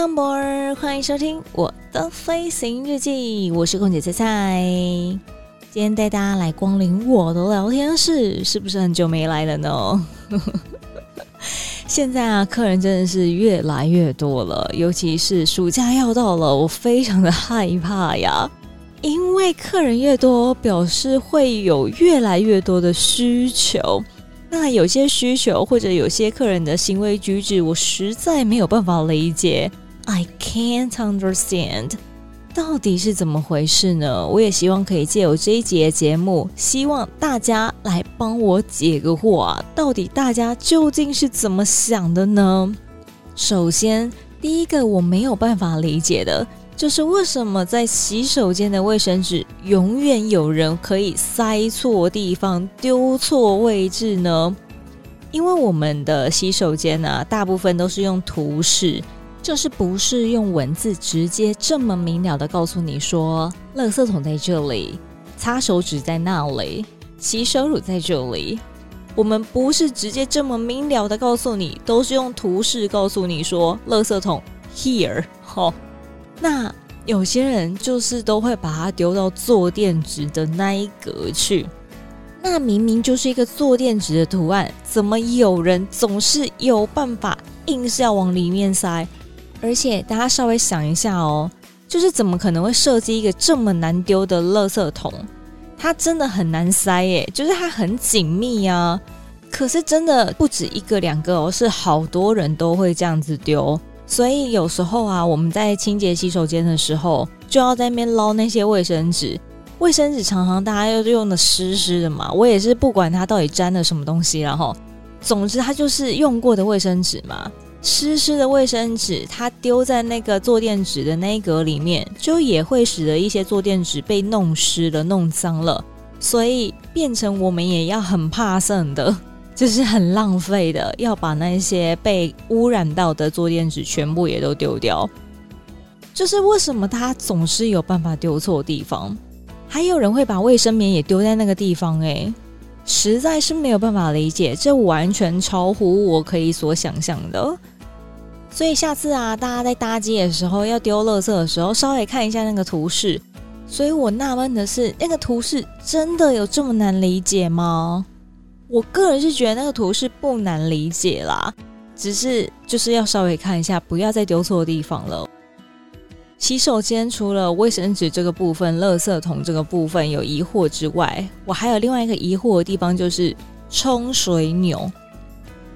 湯博歡迎收聽我的飛行日記，我是空姐菜菜。今天帶大家來光臨我的聊天室，是不是很久沒來了呢？ 現在啊，客人真的是越來越多了，尤其是暑假要到了，我非常的害怕呀，因為客人越多，表示會有越來越多的需求。那有些需求或者有些客人的行為舉止，我實在沒有辦法理解。I can't understand，到底是怎麼回事呢？我也希望可以借由這一節節目，希望大家來幫我解個惑。到底大家究竟是怎麼想的呢？首先，第一個我沒有辦法理解的就是，為什麼在洗手間的衛生紙永遠有人可以塞錯地方、丟錯位置呢？因為我們的洗手間呢、啊，大部分都是用圖示，就是不是用文字直接這麼明了的告訴你說，垃圾桶在這裡，擦手紙在那裡，洗手乳在這裡。我們不是直接這麼明了的告訴你，都是用圖示告訴你說，垃圾桶 here 好，哦。那有些人就是都會把它丟到坐墊紙的那一格去。那明明就是一個坐墊紙的圖案，怎麼有人總是有辦法硬是要往裡面塞？而且大家稍微想一下哦，就是怎麼可能會設計一個這麼難丟的垃圾桶？它真的很難塞耶，就是它很緊密啊。可是真的不止一個兩個哦，是好多人都會這樣子丟。所以有時候啊，我們在清潔洗手間的時候，就要在那邊撈那些衛生紙。衛生紙常常大家又用的濕濕的嘛，我也是不管它到底沾了什麼東西，然後總之它就是用過的衛生紙嘛。濕濕的衛生紙，它丟在那個坐墊紙的那一格裡面，就也會使得一些坐墊紙被弄濕了、弄髒了，所以變成我們也要很怕剩的，就是很浪費的，要把那些被污染到的坐墊紙全部也都丟掉。就是為什麼他總是有辦法丟錯地方？還有人會把衛生棉也丟在那個地方、欸？誒。實在是沒有辦法理解，這完全超乎我可以所想象的。所以下次啊，大家在搭機的時候要丟垃圾的時候，稍微看一下那個圖示。所以我納悶的是，那個圖示真的有這麼難理解嗎？我個人是覺得那個圖示不難理解啦，只是就是要稍微看一下，不要再丟錯的地方了。洗手間除了衛生紙這個部分，垃圾桶這個部分有疑惑之外，我還有另外一個疑惑的地方，就是沖水鈕。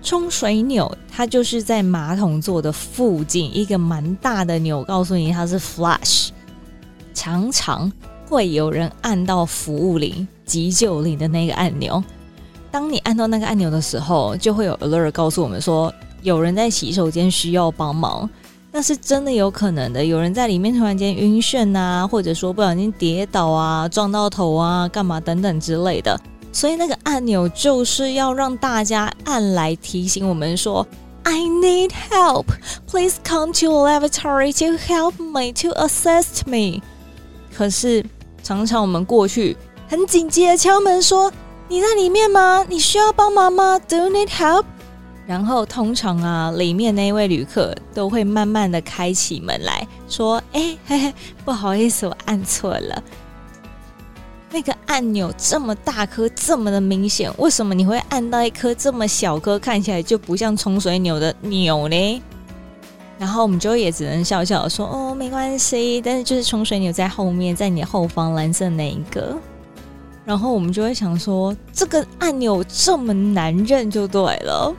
沖水鈕它就是在馬桶座的附近一個蠻大的鈕，告訴你它是 flush。常常會有人按到服務鈴、急救鈴的那個按鈕。當你按到那個按鈕的時候，就會有 alert 告訴我們說有人在洗手間需要幫忙。那是真的有可能的，有人在裡面突然間暈眩啊，或者說不小心跌倒啊，撞到頭啊，幹嘛等等之類的。所以那個按鈕就是要讓大家按來提醒我們說，I need help, please come to the lavatory to help me to assist me。可是常常我們過去很緊急的敲門說，你在裡面嗎？你需要幫忙嗎？Do you need help？然後通常啊，裡面那一位旅客都會慢慢的開起門來說：“哎、欸嘿嘿，不好意思，我按錯了。那個按鈕這麼大顆，這麼的明顯，為什麼你會按到一顆這麼小顆，看起來就不像沖水鈕的鈕呢？”然後我們就也只能笑笑說：“哦，沒關係。”但是就是沖水鈕在後面，在你的後方藍色那一個。然後我們就會想說：“這個按鈕這麼難認，就對了。”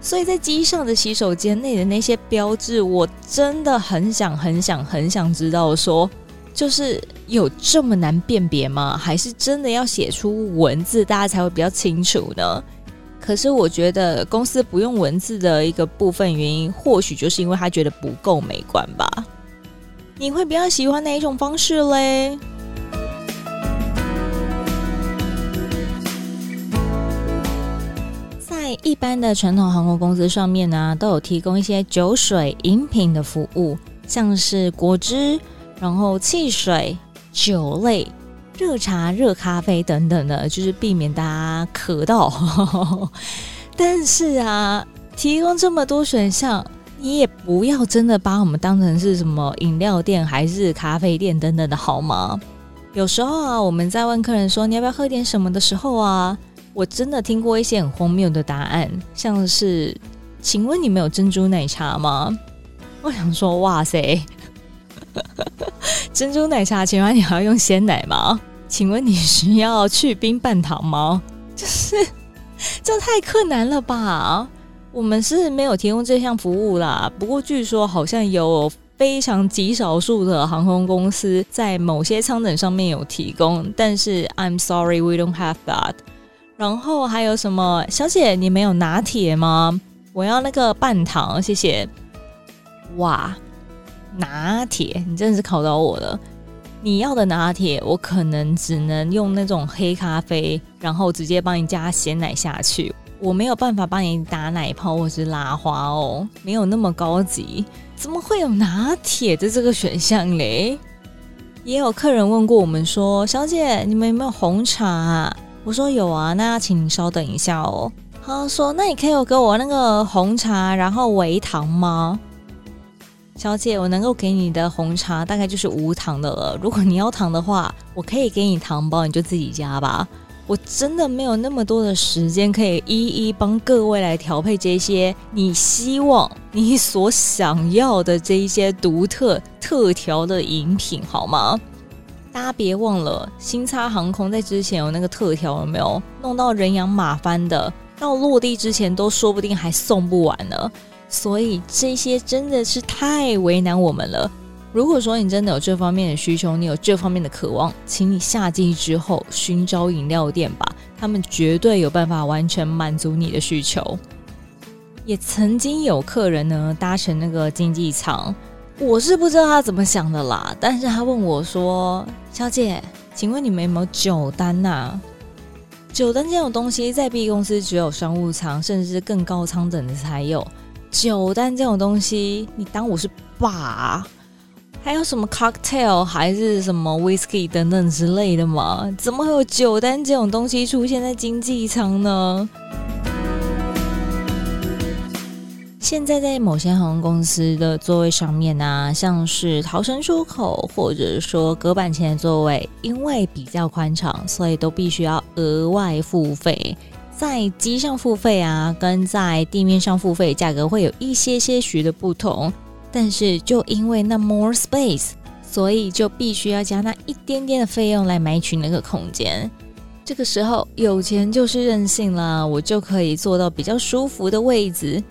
所以在機上的洗手間內的那些標誌，我真的很想、很想、很想知道說，說就是有這麼難辨別嗎？還是真的要寫出文字，大家才會比較清楚呢？可是我覺得公司不用文字的一個部分原因，或許就是因為他覺得不夠美觀吧？你會比較喜歡哪一種方式嘞？一般的傳統航空公司上面呢、啊，都有提供一些酒水飲品的服務，像是果汁、然後汽水、酒類、熱茶、熱咖啡等等的，就是避免大家渴到。 但是啊，提供這麼多選項，你也不要真的把我們當成是什麼飲料店還是咖啡店等等的好嗎？有時候啊，我們在問客人說你要不要喝點什麼的時候啊。我真的聽過一些很荒謬的答案，像是“請問你們有珍珠奶茶嗎？”我想說，“哇塞， 珍珠奶茶？請問你還要用鮮奶嗎？請問你需要去冰半糖嗎？就 是這太困難了吧？我們是沒有提供這項服務啦。不過據說好像有非常極少數的航空公司，在某些艙等上面有提供，但是 I'm sorry, we don't have that。”然後還有什麼？小姐，你沒有拿鐵嗎？我要那個半糖，謝謝。哇，拿鐵，你真的是考到我了。你要的拿鐵，我可能只能用那種黑咖啡，然後直接幫你加鮮奶下去。我沒有辦法幫你打奶泡或是拉花哦，沒有那麼高級。怎麼會有拿鐵的這個選項嘞？也有客人問過我們說，小姐，你們有沒有紅茶啊？我說有啊，那請你稍等一下哦。他說：“那你可以有給我那個紅茶，然後微糖嗎？”小姐，我能夠給你的紅茶大概就是無糖的了。如果你要糖的話，我可以給你糖包，你就自己加吧。我真的沒有那麼多的時間可以一一幫各位來調配這些你希望、你所想要的這一些獨特特調的飲品，好嗎？大家別忘了，新昌航空在之前有那個特調，有沒有弄到人仰馬翻的？到落地之前都說不定還送不完呢。所以這些真的是太為難我們了。如果說你真的有這方面的需求，你有這方面的渴望，請你下機之後尋找飲料店吧，他們絕對有辦法完全滿足你的需求。也曾經有客人呢搭乘那個經濟艙。我是不知道他怎麼想的啦，但是他問我說：“小姐，請問你們有沒有酒單吶、啊？酒單這種東西，在 B 公司只有商務艙甚至是更高艙等的才有，酒單這種東西，你當我是 bar？還有什麼 cocktail 還是什麼 whisky 等等之類的嗎？怎麼會有酒單這種東西出現在經濟艙呢？”現在在某些航空公司的座位上面啊，像是逃生出口，或者說隔板前的座位，因為比較寬敞，所以都必須要額外付費。在機上付費啊，跟在地面上付費價格會有一些些許的不同。但是就因為那 more space，所以就必須要加那一點點的費用來買取那個空間。這個時候有錢就是任性啦，我就可以坐到比較舒服的位置。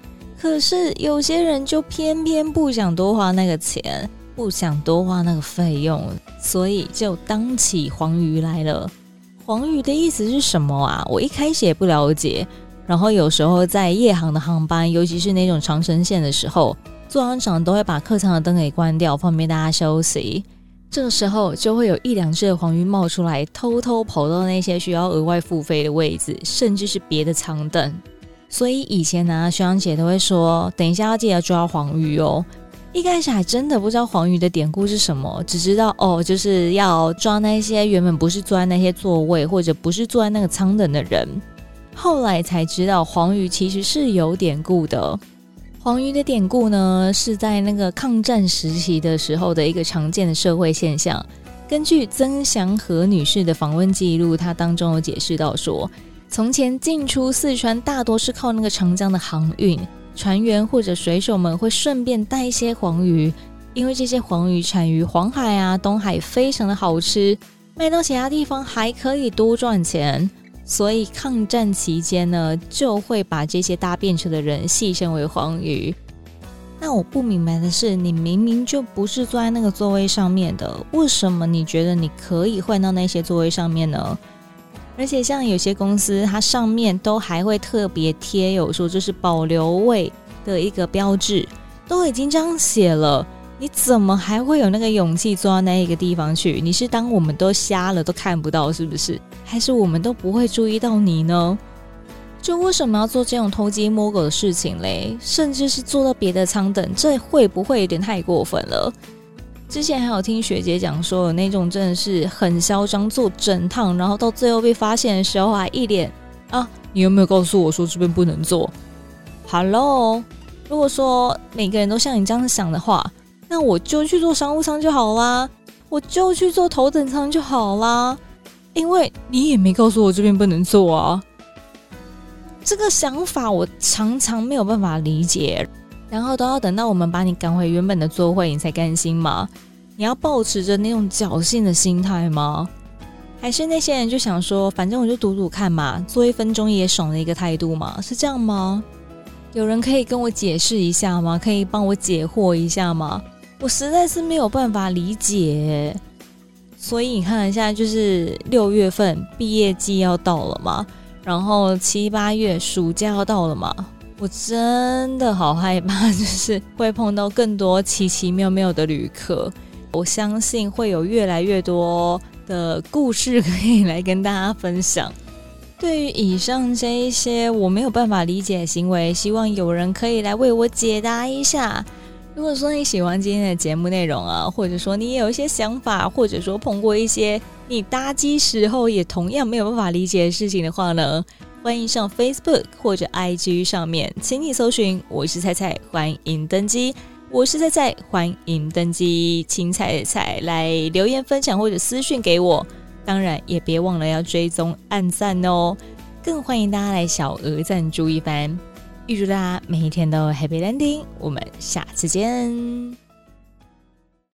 可是有些人就偏偏不想多花那個錢，不想多花那個費用，所以就當起黃魚來了。黃魚的意思是什麼啊？我一開始也不了解。然後有時候在夜航的航班，尤其是那種長程線的時候，座艙長都會把客艙的燈給關掉，方便大家休息。這個時候就會有一兩隻的黃魚冒出來，偷偷跑到那些需要額外付費的位置，甚至是別的艙等。所以以前呢、啊，學長姐都會說：“等一下要記得抓黃魚哦。”一開始還真的不知道黃魚的典故是什麼，只知道哦，就是要抓那些原本不是坐在那些座位或者不是坐在那個艙等的人。後來才知道黃魚其實是有典故的。黃魚的典故呢，是在那個抗戰時期的時候的一個常見的社會現象。根據曾祥和女士的訪問記錄，她當中有解釋到說。從前進出四川大多是靠那個長江的航運，船員或者水手們會順便帶一些黃魚，因為這些黃魚產於黃海啊、東海，非常的好吃，賣到其他地方還可以多賺錢。所以抗戰期間呢，就會把這些搭便車的人戲稱為黃魚。那我不明白的是，你明明就不是坐在那個座位上面的，為什麼你覺得你可以換到那些座位上面呢？而且像有些公司，它上面都還會特別貼有說，就是保留位的一個標誌，都已經這樣寫了，你怎麼還會有那個勇氣坐到那一個地方去？你是當我們都瞎了，都看不到，是不是？還是我們都不會注意到你呢？就為什麼要做這種偷雞摸狗的事情嘞？甚至是坐到別的艙等，這會不會有點太過分了？之前還有聽學姐講說，有那種真的是很囂張，坐整趟，然後到最後被發現的時候，還一臉啊，你有沒有告訴我說這邊不能坐？哈囉，如果說每個人都像你這樣想的話，那我就去坐商務艙就好啦，我就去坐頭等艙就好啦，因為你也沒告訴我這邊不能坐啊。這個想法我常常沒有辦法理解。然後都要等到我們把你趕回原本的座位，你才甘心嗎？你要抱持著那種僥幸的心態嗎？還是那些人就想說，反正我就賭賭看嘛，坐一分鐘也爽的一個態度嘛，是這樣嗎？有人可以跟我解釋一下嗎？可以幫我解惑一下嗎？我實在是沒有辦法理解。所以你看一下，就是六月份畢業季要到了嘛，然後七八月暑假要到了嘛。我真的好害怕，就是會碰到更多奇奇妙妙的旅客。我相信會有越來越多的故事可以來跟大家分享。對於以上這一些我沒有辦法理解的行為，希望有人可以來為我解答一下。如果說你喜歡今天的節目內容啊，或者說你也有一些想法，或者說碰過一些你搭機時候也同樣沒有辦法理解的事情的話呢？歡迎上 Facebook 或者 IG 上面，請你搜尋我是菜菜，歡迎登機。我是菜菜，歡迎登機，青菜的菜，來留言分享或者私訊給我，當然也別忘了要追蹤、按讚哦。更歡迎大家來小額贊助一番，預祝大家每一天都 Happy Landing，我們下次見。